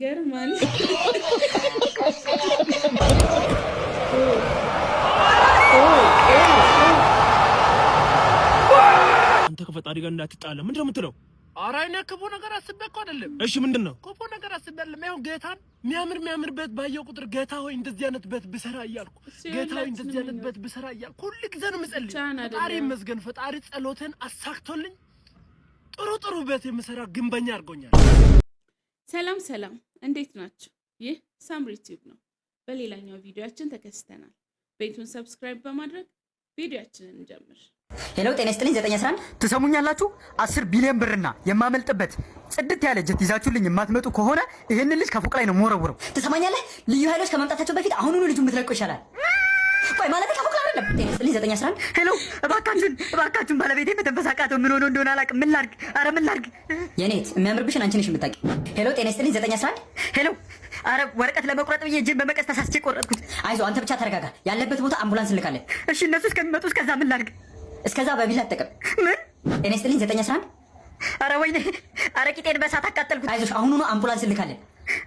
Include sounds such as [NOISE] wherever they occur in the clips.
ይገርማል። አንተ ከፈጣሪ ጋር እንዳትጣላ ምንድን ነው የምትለው? አረ እኔ ክፉ ነገር አስቤ እኮ አይደለም። እሺ ምንድን ነው ክፉ ነገር አስቤ አይደለም። ይኸው ጌታን የሚያምር የሚያምር ቤት ባየው ቁጥር ጌታ ሆይ እንደዚህ አይነት ቤት ብሰራ እያልኩ፣ ጌታ ሆይ እንደዚህ አይነት ቤት ብሰራ እያልኩ ጊዜ ነው የምጸልይ። ፈጣሪ ይመስገን፣ ፈጣሪ አሳክቶልኝ ጥሩ ጥሩ ቤት የምሰራ ግንበኛ አድርጎኛል። ሰላም ሰላም እንዴት ናችሁ? ይህ ሳምሪ ቲዩብ ነው። በሌላኛው ቪዲዮአችን ተከስተናል። ቤቱን ሰብስክራይብ በማድረግ ቪዲዮአችንን እንጀምር። ሄሎ ጤና ይስጥልኝ። 911 ትሰሙኛላችሁ? 10 ቢሊዮን ብርና የማመልጥበት ጽድት ያለ ጀት ይዛችሁልኝ የማትመጡ ከሆነ ይህን ልጅ ከፎቅ ላይ ነው መወረውረው። ትሰማኛለህ? ልዩ ኃይሎች ከመምጣታቸው በፊት አሁኑኑ ልጁ የምትለቀው ይሻላል። ቆይ ማለት ሄሎ፣ እባካችሁን እባካችሁን፣ ባለቤቴ መተንፈስ አቃተው። ምን ሆኖ እንደሆነ አላውቅም። ምን ላድርግ? ምን ላድርግ? የሚያምርብሽን አንቺ ነሽ የምታውቂው። ሄሎ፣ ጤና ይስጥልኝ። ዘጠኝ አስራ አንድ ሄሎ አረ ወረቀት ለመቁረጥ ብዬ እጄን በመቀስ ተሳስቼ ቆረጥኩት። አይዞ አንተ ብቻ ተረጋጋ፣ ያለበት ቦታ አምቡላንስ እንልካለን። እሺ እነሱ እስከሚመጡ እስከዛ ምን ላድርግ? እስከዛ በቢላ ምን ጤና ይስጥልኝ ዘጠኝ አስራ አንድ አረ ወይኔ፣ አረ ቂጤን በሳት አቃጠልኩት። አይዞሽ አሁኑ አምቡላንስ እንልካለን።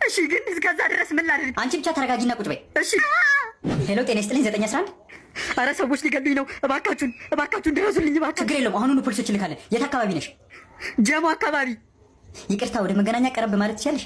እሺ ግን እስከዛ ድረስ ምን ላድርግ? አንቺ ብቻ ተረጋጊና ቁጭ በይ። እሺ ሄሎ ጤና ይስጥልኝ ዘጠኝ አስራ አንድ አረ ሰዎች ሊገሉኝ ነው! እባካችሁን እባካችሁን ድረሱልኝ! እባካችሁ። ችግር የለውም አሁኑኑ ፖሊሶች እንልካለን። የት አካባቢ ነሽ? ጀሞ አካባቢ። ይቅርታ፣ ወደ መገናኛ ቀረብ ማለት ትችላለሽ?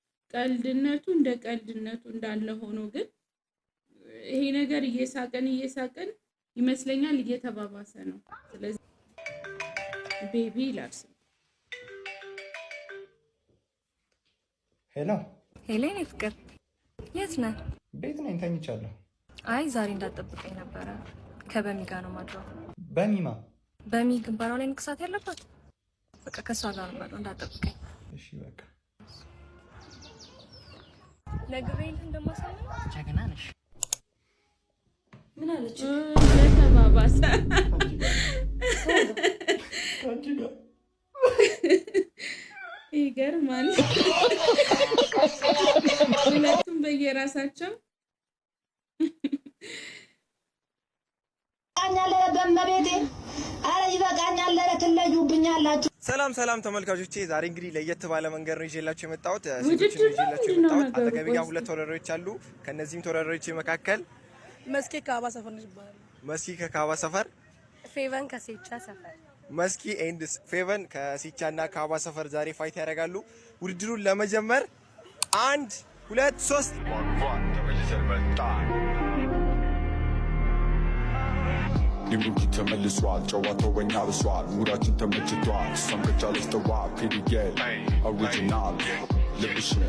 ቀልድነቱ እንደ ቀልድነቱ እንዳለ ሆኖ ግን ይሄ ነገር እየሳቀን እየሳቀን ይመስለኛል እየተባባሰ ነው። ስለዚህ ቤቢ ይላል ሄሎ ሄሌን፣ ፍቅር የት ነህ? ቤት ነኝ፣ ተኝቻለሁ። አይ ዛሬ እንዳጠብቀኝ ነበረ። ከበሚ ጋር ነው ማድረው። በሚማ በሚ ግንባሯ ላይ ንቅሳት ያለባት በቃ ከእሷ ጋር ነው እንዳጠብቀኝ። እሺ በቃ ነግሬል እንደማሳለ ጀግና ነሽ። ምን አለች? ተባባሰ ይገርማል። ሁለቱም በየራሳቸው ይበቃኛል። ኧረ ትለዩብኛላችሁ ሰላም ሰላም ተመልካቾቼ፣ ዛሬ እንግዲህ ለየት ባለ መንገድ ነው ይዤላችሁ የመጣሁት። ሴቶችን ይዤላችሁ የመጣሁት አጠገቤ ጋር ሁለት ተወዳዳሪዎች አሉ። ከነዚህም ተወዳዳሪዎች መካከል መስኪ ከካባ ሰፈር ነው ይባላል። መስኪ ከካባ ሰፈር፣ ፌቨን ከሴቻ ሰፈር። መስኪ ኤንድ ፌቨን እና ካባ ሰፈር ዛሬ ፋይት ያደርጋሉ። ውድድሩን ለመጀመር አንድ ሁለት ሶስት ተመልሰን መጣን። ሊብሩኪ ተመልሷል። ጨዋታው በኛ ብሷል። ሙራችን ተመችቷል። እሷም ከቻለች ተዋ ፒዲጌል ኦሪጂናል ልብሽን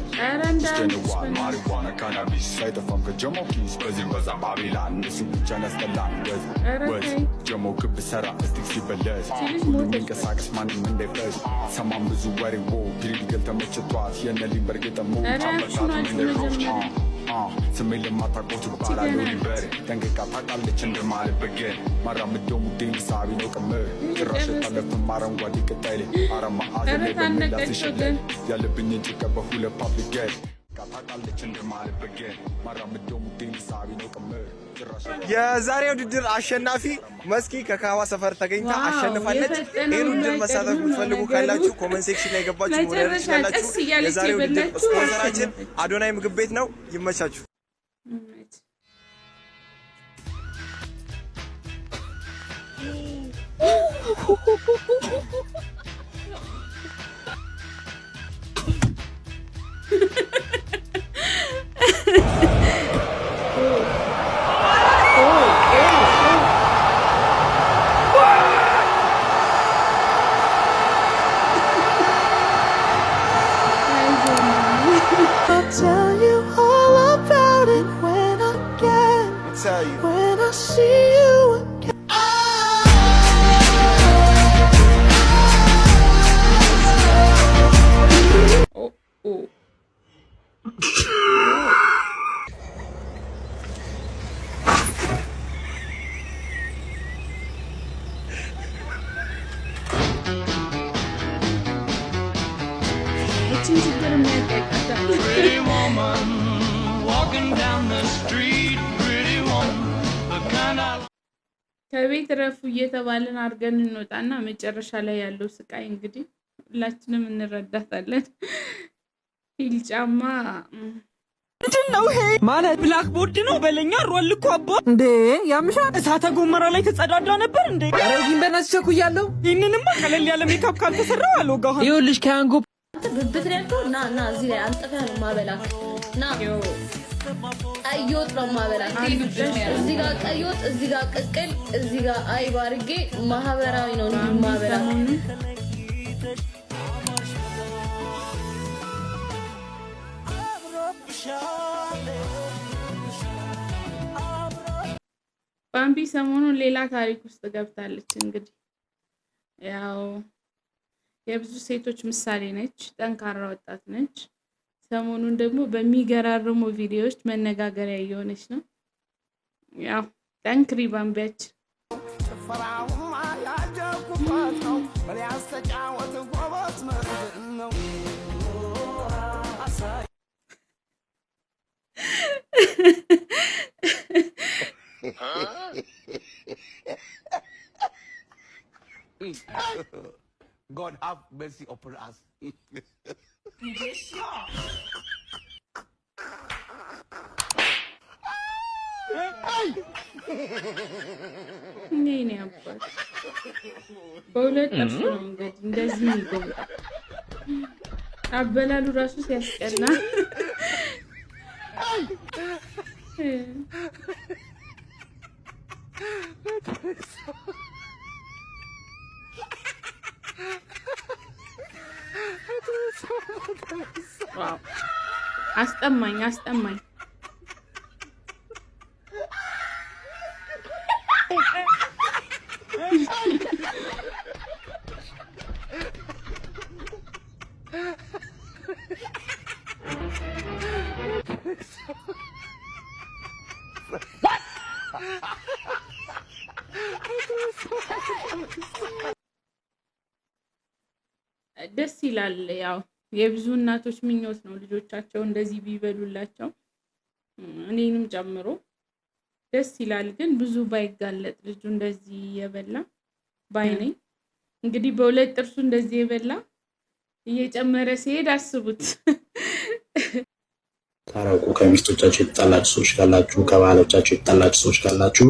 ማሪዋና ካናቢስ ሳይጠፋም ከጀሞ ኪስ በዚህ በዛ ባቢላን እሱ ብቻን ያስጠላን ወዝ ወዝ ጀሞ ክብ ሰራ እስቲክ ሲበለስ ሁሉም ይንቀሳቀስ ማንም እንዳይፈዝ ሰማም ብዙ ወሬ ዎ ፒሪዲገል ተመችቷል የነ ሊምበርጌ ጠሞ ጫመታት እንደሮች ስሜ ለማታቆት ይባላሉ ሊበር ጠንቅቃ ታውቃለች እንደማልበገን ማራምደው ሙዴን ሳቢ ነው ቅምር ጭራሽ ታለፍም አረንጓዴ ቅጠል አረማ አዘ ላይ በምላስ ይሸለል ያለብኝን ጭቀ በሁለ ፓብሊክ የዛሬ ውድድር አሸናፊ መስኪ ከካባ ሰፈር ተገኝታ አሸንፋለች። ይህን ውድድር መሳተፍ የምትፈልጉ ካላችሁ ኮመንት ሴክሽን ላይ የገባችሁ መውደድ ትችላላችሁ። የዛሬ ውድድር ስፖንሰራችን አዶናይ ምግብ ቤት ነው። ይመቻችሁ። tell you all about it when I get when I see you እረፉ እየተባልን አድርገን እንወጣና መጨረሻ ላይ ያለው ስቃይ እንግዲህ ሁላችንም እንረዳታለን። ሂል ጫማ ምንድን ነው ይሄ? ማለት ብላክቦርድ ነው በለኛ። ሮል እኮ አቦ እንዴ ያምሻ። እሳተ ጎመራ ላይ ተጸዳዳ ነበር እንዴ? ረዚህም በናት እያለው ይህንንማ ቀለል ያለ ሜካፕ ካልተሰራው አልወጋ ይኸውልሽ፣ ከያንጎ ብብት ነው ያልከው። ና ና እዚህ ላይ አንጥፈህ ነው ማበላት ና ቀይ ወጥ ነው ማበላት። እዚህ ጋር ቀይ ወጥ፣ እዚህ ጋር ቅቅል፣ እዚህ ጋር አይብ አድርጌ ማህበራዊ ነው ማበላት። ባምቢ ሰሞኑን ሌላ ታሪክ ውስጥ ገብታለች። እንግዲህ ያው የብዙ ሴቶች ምሳሌ ነች። ጠንካራ ወጣት ነች። ሰሞኑን ደግሞ በሚገራርሙ ቪዲዮዎች መነጋገሪያ እየሆነች ነው። ያው ጠንክሪ ባምቢያች ጭፈራውማ ያደኩባት ነው። በሊያስ ተጫወት ጎበዝ ምንድን ነው God have mercy upon us. 你别笑。እኔ አባት በሁለት ጥርስ ነው እንግዲህ እንደዚህ የሚገባ አበላሉ ራሱ ሲያስቀና አስጠማኝ አስጠማኝ። ደስ ይላል ያው የብዙ እናቶች ምኞት ነው ልጆቻቸው እንደዚህ ቢበሉላቸው እኔንም ጨምሮ ደስ ይላል። ግን ብዙ ባይጋለጥ ልጁ እንደዚህ የበላ ባይነኝ እንግዲህ በሁለት ጥርሱ እንደዚህ የበላ እየጨመረ ሲሄድ አስቡት። ታረቁ። ከሚስቶቻቸው የተጣላችሁ ሰዎች ካላችሁ፣ ከባህሎቻቸው የተጣላችሁ ሰዎች ካላችሁ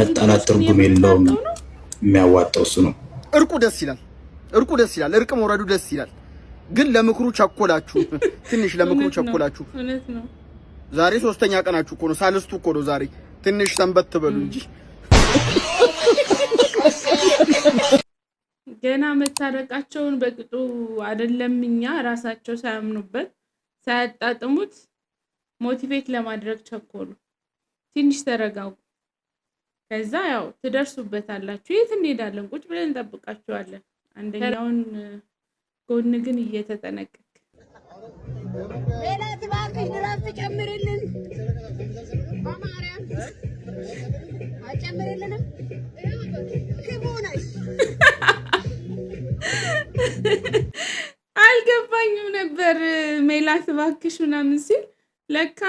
መጣላት ትርጉም የለውም። የሚያዋጣው እሱ ነው። እርቁ ደስ ይላል። እርቁ ደስ ይላል። እርቅ መውረዱ ደስ ይላል። ግን ለምክሩ ቸኮላችሁ፣ [LAUGHS] ትንሽ ለምክሩ ቸኮላችሁ። ዛሬ ሶስተኛ ቀናችሁ እኮ ነው፣ ሳልስቱ እኮ ነው። ዛሬ ትንሽ ሰንበት ትበሉ እንጂ [LAUGHS] ገና መታረቃቸውን በቅጡ አይደለም። እኛ ራሳቸው ሳያምኑበት ሳያጣጥሙት ሞቲቬት ለማድረግ ቸኮሉ። ትንሽ ተረጋጉ። ከዛ ያው ትደርሱበታላችሁ። የት እንሄዳለን? ቁጭ ብለን እንጠብቃችኋለን። አንደኛውን ጎን ግን እየተጠነቀቅ ሌላ ትባክሽ ድራፍት ጨምርልን፣ አልገባኝም ነበር ሜላ ትባክሽ ምናምን ሲል ለካ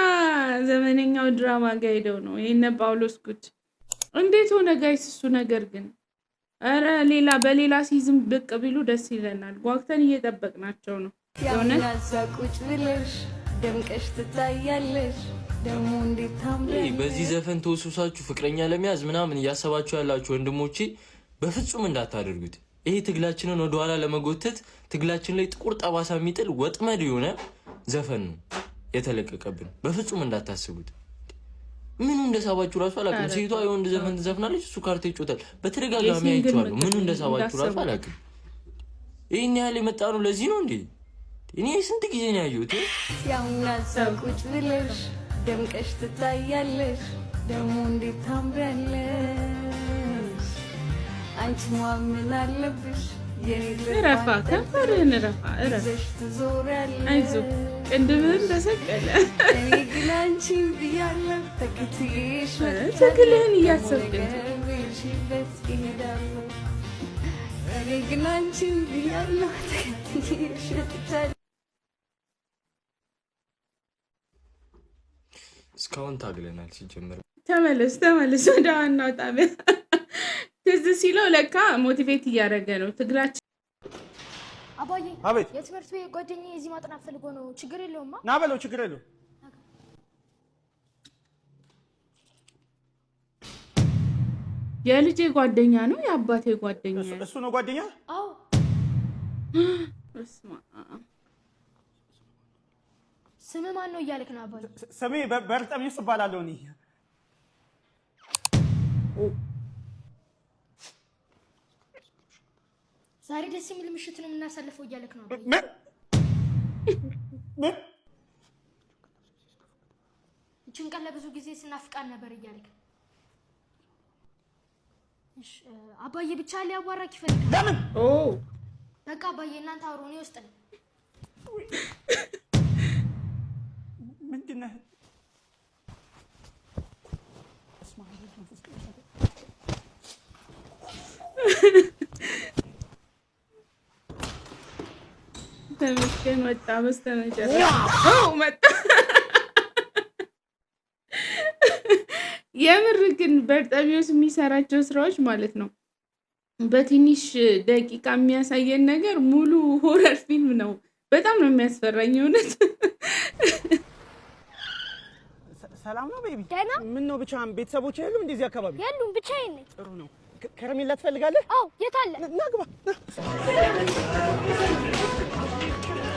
ዘመነኛው ድራማ ጋሄደው ነው። ይህነ ጳውሎስ ጉድ እንዴት ሆነ ጋይስ? እሱ ነገር ግን እረ ሌላ በሌላ ሲዝም ብቅ ቢሉ ደስ ይለናል። ጓግተን እየጠበቅናቸው ነው። ቁጭ ብለሽ ደምቀሽ ትታያለሽ። እንዴት በዚህ ዘፈን ተወስብሳችሁ ፍቅረኛ ለመያዝ ምናምን እያሰባችሁ ያላችሁ ወንድሞቼ በፍጹም እንዳታደርጉት። ይሄ ትግላችንን ወደኋላ ለመጎተት ትግላችን ላይ ጥቁር ጠባሳ የሚጥል ወጥመድ የሆነ ዘፈን ነው የተለቀቀብን። በፍጹም እንዳታስቡት። ምኑ እንደሳባችሁ ራሱ አላውቅም። ሴቷ የወንድ ዘፈን ትዘፍናለች፣ እሱ ካርታ ይጮታል። በተደጋጋሚ አይቼዋለሁ። ምኑ እንደሳባችሁ ራሱ አላውቅም። ይህን ያህል የመጣ ነው። ለዚህ ነው እንዴ? እኔ ስንት ጊዜ ነው ያየሁት። ያሁን ቁጭ ብለሽ ደምቀሽ ትታያለሽ። ደግሞ እንዴት ታምሪያለሽ! አንቺ ማመን አለብሽ እረፋ ከንፈርህን እረፋ እረፋ። አይዞህ ቅንድብህን ተሰቀለ። እያሰብክ እስካሁን ታግለናል። ሲጀምር ተመለስ ተመለስ ወደ ዋናው ጣቢያ ትዝ ሲለው ለካ ሞቲቬት እያደረገ ነው። ትግራችን አባዬ፣ አቤት። የትምህርት ቤት ጓደኛዬ እዚህ ማጥናት ፈልጎ ነው። ችግር የለውማ። ና በለው። ችግር የለው። የልጄ ጓደኛ ነው የአባቴ ጓደኛ እሱ ነው ጓደኛ። አዎ ስም ማን ነው እያልክ ነው? አባዬ፣ ስሜ በርጠሚስ እባላለሁ እኔ ዛሬ ደስ የሚል ምሽት ነው የምናሳልፈው እያለክ ነው። ይችን ቀን ለብዙ ጊዜ ስናፍቃን ነበር እያለክ አባዬ ብቻ ሊያዋራክ ይፈልጋል። ለምን? በቃ አባዬ እናንተ አውሮ እኔ ውስጥ ነው ምንድነው ተመስገን ወጣ። በስተመጨረሻ መጣ። የምር ግን በርጠሚዎስ የሚሰራቸው ስራዎች ማለት ነው በትንሽ ደቂቃ የሚያሳየን ነገር ሙሉ ሆረር ፊልም ነው። በጣም ነው የሚያስፈራኝ እውነት። ሰላም ነው ቤቢ? ደህና ምን ነው ብቻህን? ቤተሰቦች የሉም? እንደዚህ አካባቢ የሉም? ብቻዬን ነኝ። ጥሩ ነው። ከረሜላ ትፈልጋለህ? አዎ። የት አለ? ና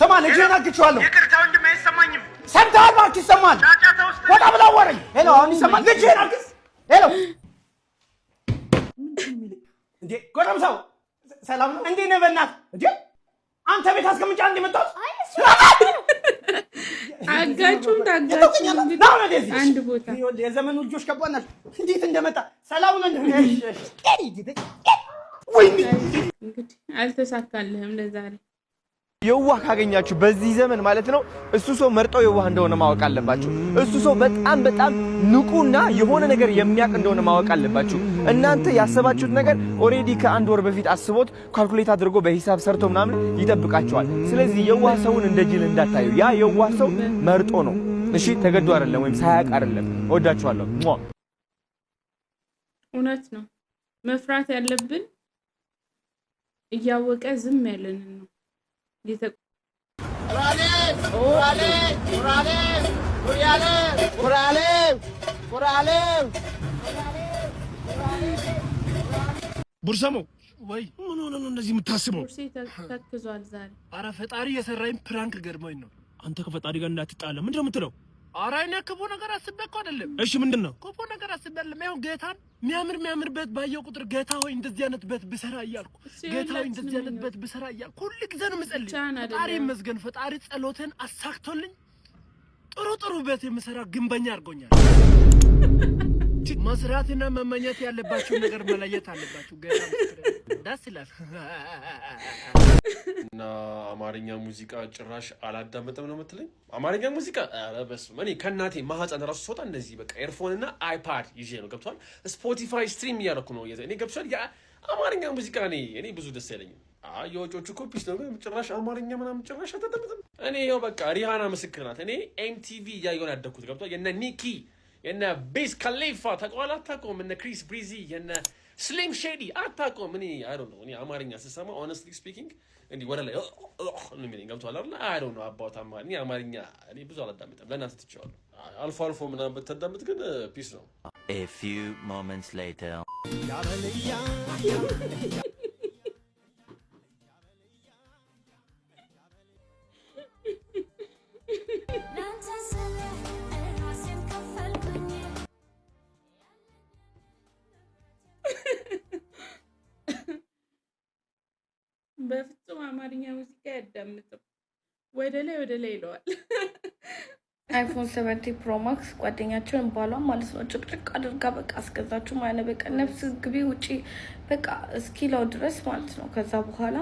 ስማ፣ ልጅህን አግቼዋለሁ። ይቅርታ ወንድም፣ አይሰማኝም። ሰምተሃል? እባክህ ይሰማል። ወጣ ብላ ወረኝ። ሄሎ፣ አሁን ይሰማል። ልጅህን አግዝ። ሄሎ፣ እንዴ ሰላም ነው? እንዴት ነህ? በእናትህ እንዴ፣ አንተ ቤት አስቀምጫ አጋጩም አንድ ቦታ የዘመኑ ልጆች ከባድ እንዴት እንደመጣ ሰላም ነው? እንግዲህ አልተሳካልህም ለዛሬ የዋህ ካገኛችሁ በዚህ ዘመን ማለት ነው። እሱ ሰው መርጠው የዋህ እንደሆነ ማወቅ አለባችሁ። እሱ ሰው በጣም በጣም ንቁና የሆነ ነገር የሚያውቅ እንደሆነ ማወቅ አለባችሁ። እናንተ ያሰባችሁት ነገር ኦሬዲ ከአንድ ወር በፊት አስቦት ካልኩሌት አድርጎ በሂሳብ ሰርቶ ምናምን ይጠብቃችኋል። ስለዚህ የዋህ ሰውን እንደ ጅል እንዳታዩ። ያ የዋህ ሰው መርጦ ነው። እሺ፣ ተገዱ አይደለም ወይም ሳያውቅ አይደለም። እወዳችኋለሁ። እውነት ነው። መፍራት ያለብን እያወቀ ዝም ያለንን ነው ቡርሰሞ ወይ ምን ሆነ ነው እንደዚህ የምታስበው? ኧረ ፈጣሪ የሰራኝ ፕራንክ ገርመኝ ነው። አንተ ከፈጣሪ ጋር እንዳትጣለ ምንድን ነው የምትለው? ኧረ እኔ ክፉ ነገር አስቤ እኮ አይደለም። እሺ ምንድን ነው ክፉ ነገር አስቤ አይደለም። ይኸው ጌታን ሚያምር ሚያምር ቤት ባየው ቁጥር ጌታ ሆይ እንደዚህ አይነት ቤት ብሰራ እያልኩ ጌታ ሆይ እንደዚህ አይነት ቤት ብሰራ እያልኩ ሁሉ ጊዜ ነው የምጸልይ። ፈጣሪ ይመስገን፣ ፈጣሪ ጸሎቴን አሳክቶልኝ ጥሩ ጥሩ ቤት የምሰራ ግንበኛ አድርጎኛል። [LAUGHS] መስራትና መመኘት ያለባችሁ ነገር መለየት አለባችሁ። ደስ ይላል። [LAUGHS] እና አማርኛ ሙዚቃ ጭራሽ አላዳመጠም ነው የምትለኝ? አማርኛ ሙዚቃ ኧረ በስመ እኔ ከእናቴ ማህፀን ራሱ ስወጣ እንደዚህ በቃ ኤርፎን እና አይፓድ ይዤ ነው ገብቷል። ስፖቲፋይ ስትሪም እያደረኩ ነው እኔ ገብቷል። አማርኛ ሙዚቃ እኔ እኔ ብዙ ደስ አይለኝም። የወጮቹ ኮፒስ ነው ጭራሽ አማርኛ ምናምን ጭራሽ አታዳምጥም። እኔ ያው በቃ ሪሃና ምስክር ናት። እኔ ኤምቲቪ እያየሁ ነው ያደግኩት ገብቷል። የነ ኒኪ የነ ቤዝ ካሊፋ ተቋል አታውቀውም። እነ ክሪስ ብሪዚ የነ ስሊም ሼዲ አታውቀውም። እኔ አይ ዶንት ኖ እኔ አማርኛ ስሰማ ኦነስትሊ ስፒኪንግ እንዲህ ወደ ላይ ነው የሚለኝ። ገብቶሃል አይደል? አይ ዶንት ኖ አባውት አማርኛ አማርኛ እኔ ብዙ አላዳምጥም። ለእናንተ ትቼዋለሁ። አልፎ አልፎ ምናምን ብታዳምጥ ግን ፒስ ነው። A few moments later ወደ ላይ ይለዋል። አይፎን ሰቨንቲ ፕሮማክስ ጓደኛቸውን ባሏን ማለት ነው ጭቅጭቅ አድርጋ በቃ አስገዛችሁ ማለት ነው። በቃ ነፍስ ግቢ ውጪ በቃ እስኪለው ድረስ ማለት ነው። ከዛ በኋላ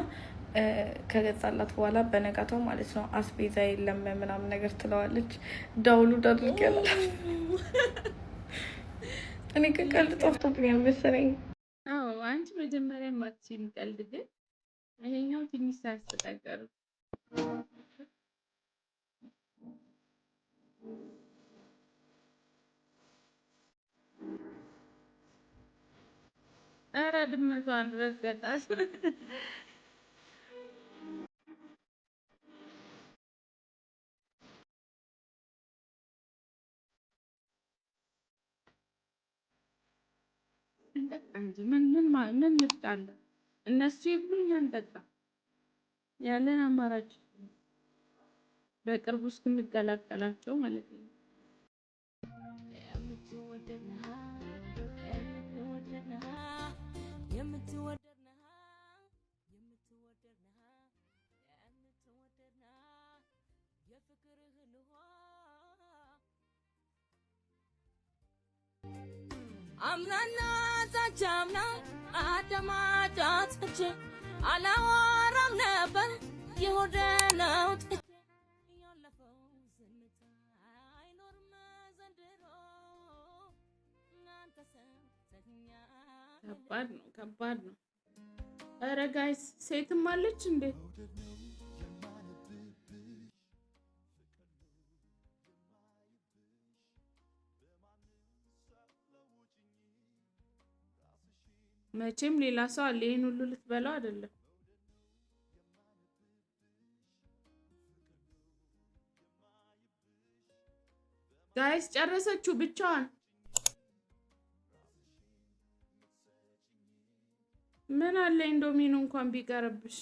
ከገዛላት በኋላ በነጋታው ማለት ነው አስቤዛ የለም ምናምን ነገር ትለዋለች። ዳውሉ ዳድርግ ያላል። እኔ ከቀልድ ጠፍቶብኛል መሰለኝ። አዎ አንቺ መጀመሪያ ማትችል ቀልድ ግን ይሄኛው ትንሽ ሳያስተጠቀሩ ኧረ ድመቷን ረገጣት። ምን ምን ልጣለ እነሱ ይብሉኝ አንጠጣ ያለን አማራጭ በቅርቡ እስክንቀላቀላቸው ማለት ነው። አምናና ዛቻ አምና አዳማጫ አጥቼ አላወራም ነበር የሆደ ነው ያለፈው ዝምታ አይኖርም ዘንድሮ እናንተ ሰምተኛ ከባድ ነው ከባድ ነው ኧረ ጋይስ ሴትም አለች እንዴ መቼም ሌላ ሰው አለ ይህን ሁሉ ልትበላው አይደለም። ጋይስ ጨረሰችው ብቻዋን። ምን አለ ኢንዶሚኑ እንኳን ቢቀርብሽ።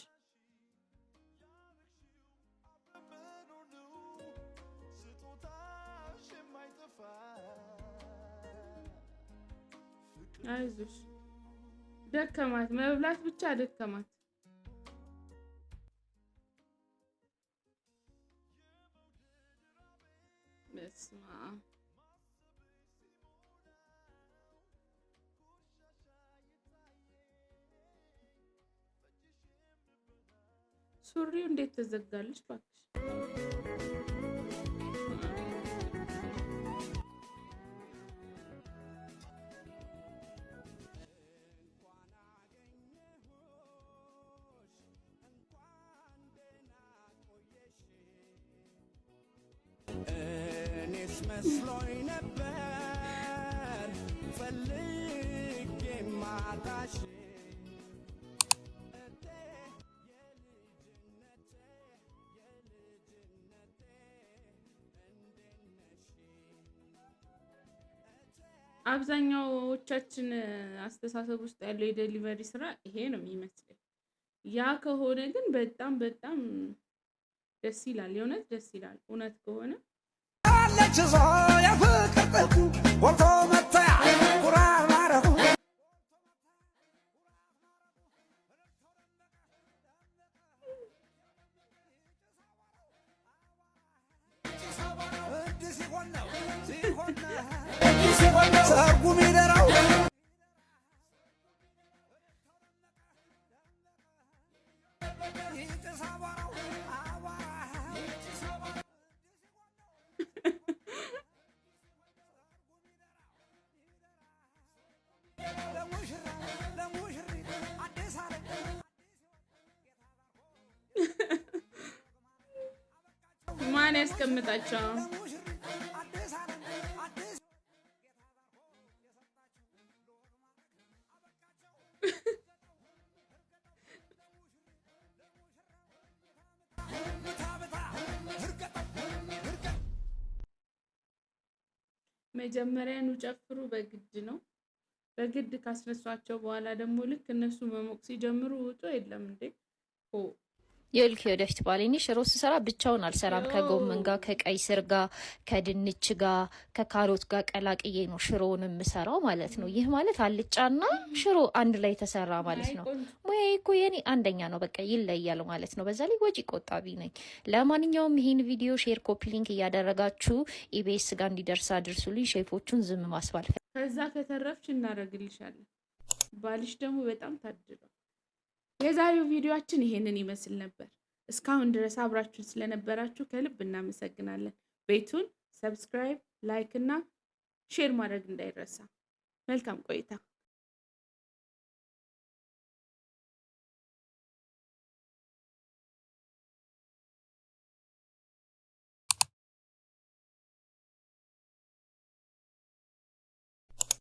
አይዞሽ ደከማት መብላት ብቻ ደከማት። በስመ አብ ሱሪው እንዴት ተዘጋለች ባክሽ? መስሎኝ ነበር ፈልጌ ማጣሽ አብዛኛዎቻችን አስተሳሰብ ውስጥ ያለው የደሊቨሪ ስራ ይሄ ነው የሚመስለኝ። ያ ከሆነ ግን በጣም በጣም ደስ ይላል። የእውነት ደስ ይላል እውነት ከሆነ አለች ሰው የፍቅር ጥጉ ወርቶ ያስቀምጣቸው። መጀመሪያ ኑ ጨፍሩ በግድ ነው። በግድ ካስነሷቸው በኋላ ደግሞ ልክ እነሱ መሞቅ ሲጀምሩ ውጡ የለም እንዴ የልክ ወደፊት ባሌኒ ሽሮ ስሰራ ብቻውን አልሰራም። ከጎመን ጋር፣ ከቀይ ስር ጋር፣ ከድንች ጋር፣ ከካሮት ጋር ቀላቅዬ ነው ሽሮውን የምሰራው ማለት ነው። ይህ ማለት አልጫና ሽሮ አንድ ላይ ተሰራ ማለት ነው። ሙያ እኮ የኔ አንደኛ ነው። በቃ ይለያል ማለት ነው። በዛ ላይ ወጪ ቆጣቢ ነኝ። ለማንኛውም ይህን ቪዲዮ ሼር፣ ኮፒ ሊንክ እያደረጋችሁ ኢቤስ ጋር እንዲደርስ አድርሱልኝ። ሼፎቹን ዝም ማስባል ከዛ ከተረፍች እናደርግልሻለን። ባልሽ ደግሞ በጣም ታድሏል። የዛሬው ቪዲዮአችን ይሄንን ይመስል ነበር። እስካሁን ድረስ አብራችሁን ስለነበራችሁ ከልብ እናመሰግናለን። ቤቱን ሰብስክራይብ፣ ላይክ እና ሼር ማድረግ እንዳይረሳ። መልካም ቆይታ